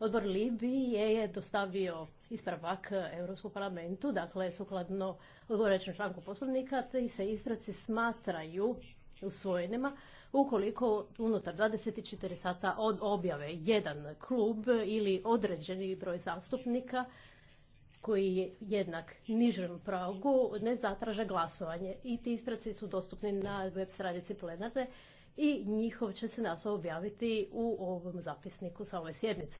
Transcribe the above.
Odbor Libije je dostavio ispravak Europskom parlamentu, dakle sukladno odgovorećem članku poslovnika, te se ispravci smatraju usvojenima ukoliko unutar 24 sata od objave jedan klub ili određeni broj zastupnika koji je jednak nižem pragu ne zatraže glasovanje. I ti ispraci su dostupni na web stranici plenarne i njihov će se naslov objaviti u ovom zapisniku sa ove sjednice.